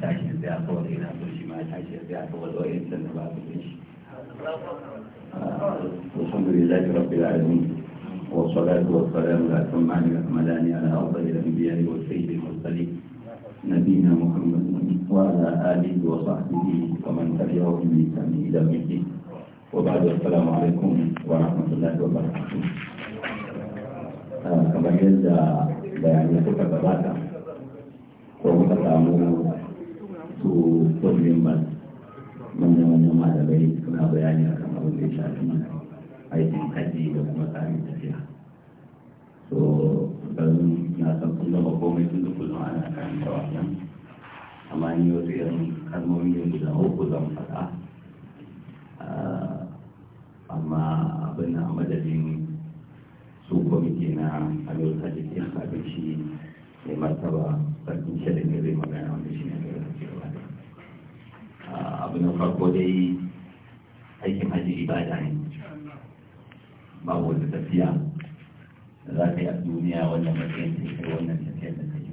tashi da zai kawai ina so shi ma tashi da zai kawai wa'in الحمد لله رب العالمين والصلاة والسلام الأتمان الأكملان على أفضل الأنبياء والسيد المرسلين نبينا محمد وعلى آله وصحبه ومن تبعهم بإحسان إلى يوم الدين وبعد السلام عليكم ورحمة الله وبركاته آه، كما yadda bayanai suka gabata ko muka samu su kudin ba manyan manyan malamai suna bayani akan abin da ya shafi aikin haji da kuma tsarin tafiya so ganin na san kun zama komai tun da kullum ana kan da wannan amma ni wasu irin kalmomi ne da uku zan fata ah, amma abin na madadin su kwamiti na alwata jikin abin shi ne martaba abu na farko dai aikin hajji ibada ne babu wanda tafiya da za ka yi a duniya wannan matsayin da ke wannan tafiyar da yi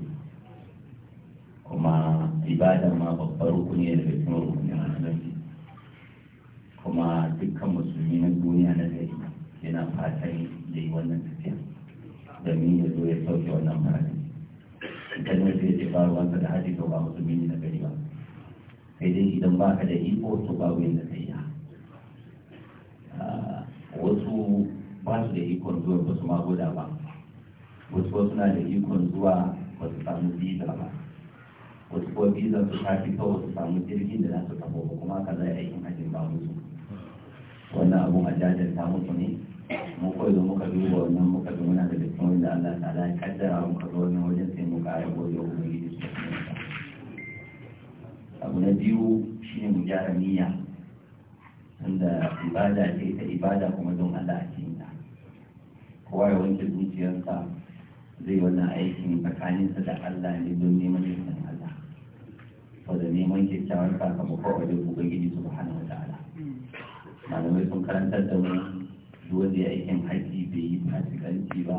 kuma ibada ma babbar rukuni ne daga cikin rukunin musulunci kuma dukkan musulmi na duniya na gari yana fatan da yi wannan tafiya domin ya zo ya sauke wannan farashin idan ya ce faruwansa da hajji to ba musulmi ne na gari ba sai dai idan ba ka da iko to ba wani da kai ah, wasu ba su da ikon zuwa ba su magoda ba wasu wasu na da ikon zuwa ba su samu biza ba wasu ko biza su ta fi kawo su samu jirgin da za su ba kuma ka zai aikin hajjin ba musu wannan abun a jajanta musu ne mu kawai zo muka duba wannan muka duba muna da gyara niyya wanda ibada ce ta ibada kuma don Allah a cikin ta kowa ya wanke zuciyarsa zai wannan aikin tsakaninsa da Allah ne don neman yankin Allah ko da neman kyakkyawar sakamako a wajen ubangiji su ba hana wata ala malamai sun karantar da wani wanda ya aikin haji bai yi fasikanci ba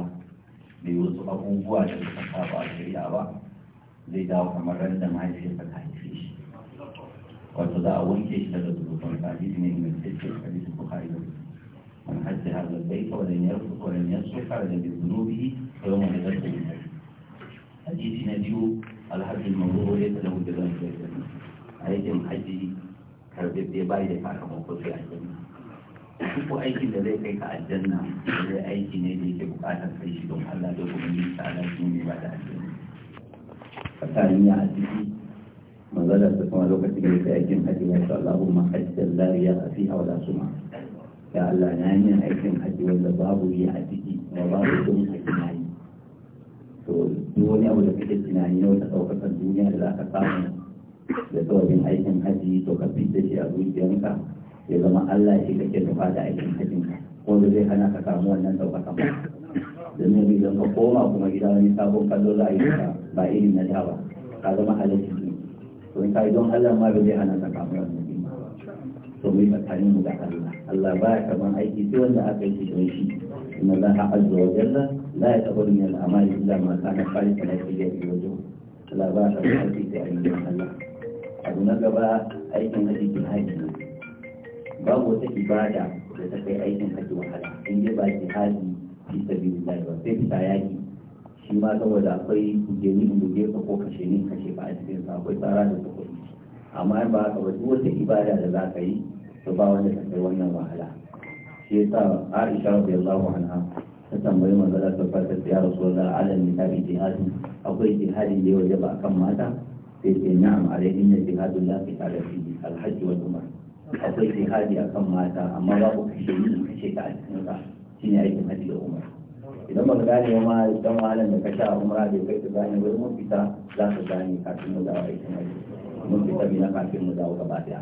bai wasu abubuwa da suka saba a shari'a ba zai dawo kamar ran da mahaifiyarsa ta haife shi wato za a wanke shi daga zurfin hadisi ne mai cikin hadisi bukari da man hajji hadha albayt wa da yarfu wa lam yasrif ala bi dhunubihi yawma al-qiyamah hadisi na biyu alhaji mawdu'u ya talahu da zan ce aikin haji karbebe bai da sakamako sai aljanna ko aikin da zai kai ka aljanna zai aiki ne da yake bukatar kai shi don Allah da kuma yi ta alaƙi ne ba da aljanna fasalin ya a manzala ta kuma lokacin da ya aikin haji wa sha Allah ma hajjan la riya ya Allah na yi aikin haji wanda babu riya a ciki da babu sun a tunani to duk wani abu da kake tunani na wata ɗaukakar duniya da za ka samu da tsawon aikin haji to ka fita shi a zuciyarka ya zama Allah shi kake nufa da aikin hajjinka wanda zai hana ka samu wannan ɗaukakan ba domin idan ka koma kuma gida wani sabon ba irin na da ka zama halitta sun kai don Allah ma bai hana ta kamar mutum to mai tsakanin mu da Allah Allah ba ya kaman aiki sai wanda aka yi shi shi in Allah azza wa jalla la yaqbalu min al-amali illa ma kana khaliqan li yajri Allah ba ya aiki sai ayi Allah abu na gaba aikin haji haji babu wata ibada da ta kai aikin haji wahala in dai ba jihadi fi sabilillah ba sai fita yaki shi ma saboda akwai ni in buge ka ko kashe ni kashe ba a cikin sa akwai tsara da kuɗi amma in ba haka ba duk wata ibada da za ka yi to ba wanda ta kai wannan wahala shi yasa Aisha radiyallahu anha ta tambayi manzala ta fata ya rasulullah alal nisabi jihadin akwai jihadin da ya wajaba akan mata sai ce na'am alaihin ne jihadu la fi tare fi alhaji wa umar akwai jihadi akan mata amma babu kashe ni kashe ka a cikin sa shine aikin hajji da umar idan ba gane ma dan wahalar da ka sha umara bai kai ka gane wani mun fita za ka gane kafin mu dawo aikin haji mun fita bi na kafin mu dawo gaba daya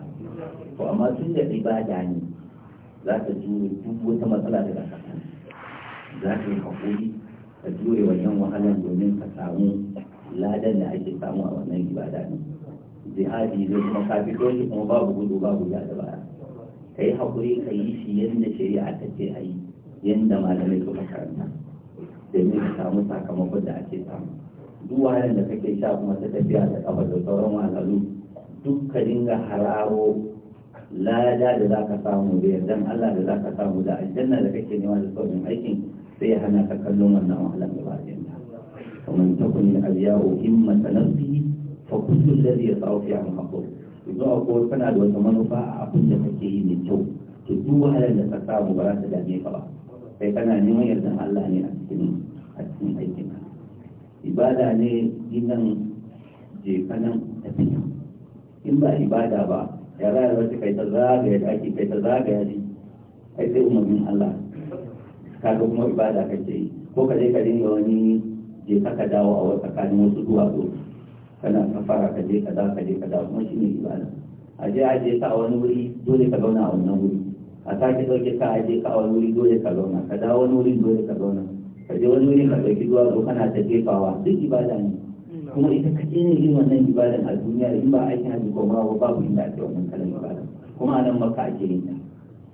to amma tun da ibada ne za ka jure duk wata matsala da ka za ka yi hakuri ka jure wannan wahalar domin ka samu ladan da ake samu a wannan ibada ne jihadi zai kuma kafi dole kuma babu gudu babu ya da baya ka yi hakuri ka yi shi yadda shari'a ta ce a yi yadda malamai suka karanta domin ka samu sakamakon da ake samu duk da kake sha kuma ta tafiya da kafa da sauran wahalhalu duk ka dinga hararo lada da za ka samu da yardan Allah da za ka samu da aljanna da kake nema da sauran aikin sai hana ka kallon wannan wahalar da ba aljanna ومن ta الأبياء همة نفسه فكل الذي يسعى فيها محبوب yanzu a kowar kana da wata manufa a abin da kake yi mai kyau to duk wahalar da ka samu ba za ta dame ka ba sai kana neman yardan Allah ne a cikin a cikin aikin ka ibada ne yinan je tafiya in ba ibada ba ya rayar wata kai ta zagaya da ake kai ta zagaya ne kai sai umarnin Allah ka ga kuma ibada kake yi ko ka je ka dinga wani je ka ka dawo a wata tsakanin wasu duwatsu kana ka fara ka je ka za ka je ka dawo kuma shine ibada a je a je ta a wani wuri dole ka zauna a wannan wuri a sake ɗauke ka aje ka a wani wuri dole ka zauna ka dawo wani wuri dole ka zauna ka je wani wuri ka ɗauki zo kana ta jefawa duk ibada ne mm. kuma ita ce ne irin wannan ibadan a duniya in ba aikin hajji ko ba babu inda ake wannan kalan ibada kuma a nan maka ake yin ta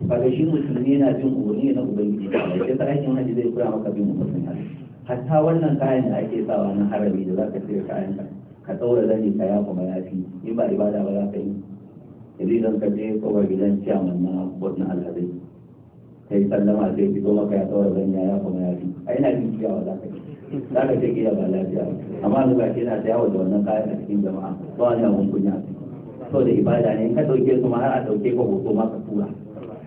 kaga shi musulmi yana bin umarni na ubangiji ta sai aikin hajji zai kura maka bin umarni hajji hatta wannan kayan da ake sawa na harabi da za ka cire kayan ka ka tsaura zani ka yafa kuma in ba ibada ba za ka yi idan ka je ko ba gidan ciyaman na bot na alhazai kai sallama sai fito maka ya tsawar zanya ya kuma ya fi a na jin ciyawa za ka yi za ka ce kila ba lafiya amma zuwa ke na ta yawo da wannan kayan a cikin jama'a ba wani abun kunya so da ibada ne ka ɗauke su ma har a ɗauke ka hoto ma ka tura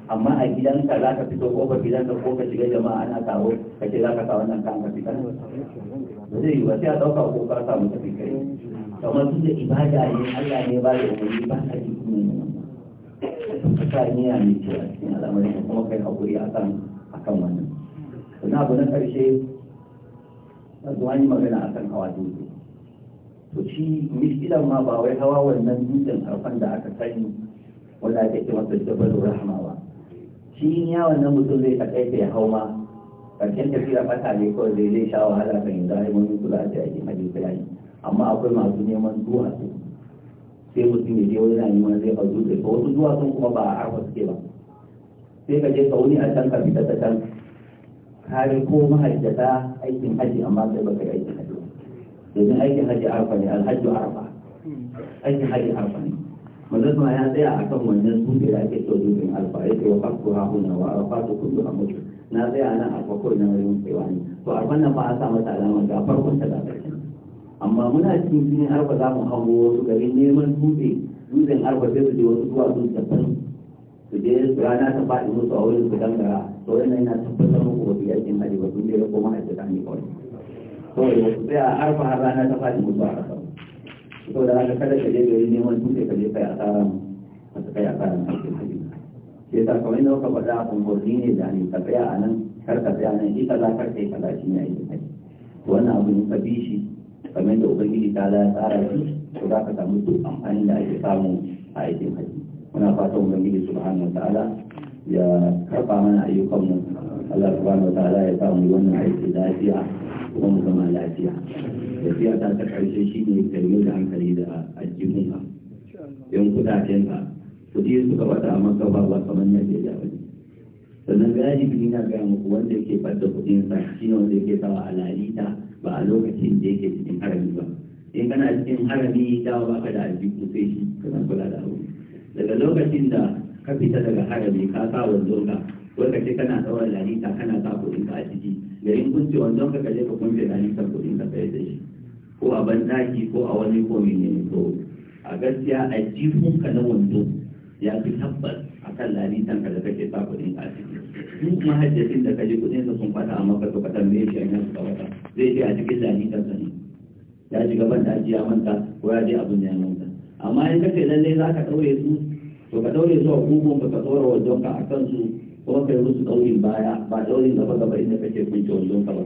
amma a gidanka za ka fito kofar gidanka ko ka shiga jama'a ana taro ka ce za ka sa wannan kan ka fita ba zai yi ba sai a ɗauka ko ka samu tafi kai kamar duk da ibada ne Allah ne ba da wuri ba a ji kuma ne ka sa niyya ne kyau a cikin al'amarin ka kuma kai haƙuri a akan wannan sannan abu na ƙarshe na zuwa magana magana kan hawa dutse to shi mishkilan ma ba wai hawa wannan dutsen harfan da aka sani wanda ake ce masa jabalu rahama ba shi in yawon nan mutum zai takaita ya hau ma ƙarshen tafiya fata ne kawai zai zai sha wahala kan yanzu a yi mun kula da ake hajji yi. amma akwai masu neman duwatsu sai mutum ya je wani na neman zai ba dutse ba wasu sun kuma ba a harfa suke ba sai ka je ka wuni a can ka fita ta can kare ko mahajjata aikin haji amma sai baka yi aikin haji domin aikin haji harfa ne alhaji harfa aikin haji harfa ne mazan suna ya tsaya a kan wannan dutse da ake so dutsen arfa ya ce wa fasu ha huna wa a fasu kullu a mutu na tsaya nan arfa kawai na wani tsewa ne to arfan nan ba a sa mata alama a farkon ta da amma muna cikin jinin arba za mu hango wasu garin neman dutse dutsen arba sai su je wasu duwatsun daban su je rana ta faɗi musu a wurin su dangara to yana yana tabbatar muku wasu yakin hali ba sun je ya koma a cikin ne kawai saboda wasu a arba har rana ta faɗi musu a ƙasa saboda haka kada ka je garin neman dutse ka je kai asaran masu kai asaran aikin hali sai ta kawai na ka faɗa a kumburni ne da ne ka tsaya a nan kar ka tsaya nan ita za ka kai ka kaza shi ne aikin hali wannan abu ne ka bi shi kamar da ubangiji ta ya tsara shi to za ka samu duk amfani da ake samu a aikin haji muna fatan ubangiji subhanahu ta'ala ya karba mana ayyukanmu Allah subhanahu ta'ala ya samu wannan aiki lafiya kuma mu zama lafiya Lafiya ta ta karshe shi ne kalmi da hankali da ajihunka yan kudadenka kuɗi suka wata maka ba ba kamar yadda ya bane sannan galibi ina ga muku wanda yake fadda kudin sa shi ne wanda yake sawa alalita ba a lokacin da yake cikin a cikin harami dawa ka da ko sai shi kana kula da aure daga lokacin da ka fita daga harami ka sa wanzo ka lokaci kana tsawon lalita kana sa kuɗin ka a ciki garin kunce wanzo ka kaje ka kunce lalita kuɗin ka sai da shi ko a bandaki ko a wani ne ne to a gaskiya aljihun ka na wanzo ya fi tabbas a kan lalitan ka da kake sa kuɗin ka ciki duk mahajjacin da kaje kuɗin sa sun fata amma ka to ka tambaye shi a yanzu ka wata zai je a cikin lalitan sani. ne ya shiga ban da ya manta ko ya je abin da ya manta amma in kace lalle za ka ɗaure su to ka ɗaure su a kugun ba ka ɗora wajen ka a kansu kuma ka yi musu ɗaurin baya ba ɗaurin gaba gaba inda kake kunce wajen ka ba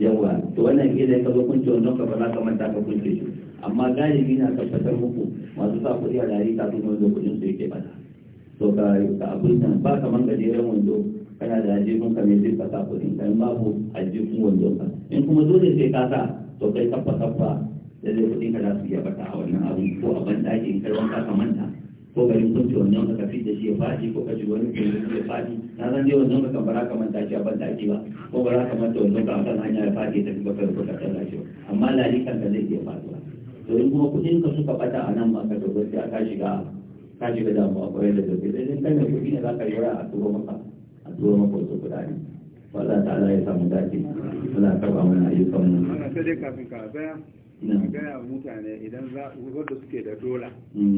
yawa to wannan gida ka zo kunce wajen ka ba za ka manta ka kunce shi amma galibi na tabbatar muku masu sa kuɗi a ka tuno da kuɗin su yake bata to ka abin nan ba kaman gajeren wando kana da ajiyar ka mai zai ka sa kuɗin kan babu ajiyar wando ka in kuma dole sai ka sa to kai kafa kafa da zai kudin ka za su iya bata a wannan abu ko a ban kai wanka ka manta ko gari kun ce wannan ka fi da shi ya faɗi ko ka ci wani ke ya faɗi na san je wannan ka bara ka manta shi a ban ba ko bara ka manta wannan ka akan hanya ya faɗi ta kuma ka rubuta shi amma lalikan ka zai iya faɗuwa to in kuma kudin ka suka bata a nan ma ka to gaskiya ka shiga ka shiga damuwa kwarai da gaske sai dai ne za ka yi a turo maka a turo maka wasu Allah ala ya samu dace Allah karba mana ayyukan mu ana sai dai kafin ka tsaya ga mutane idan za wanda suke da dola mm.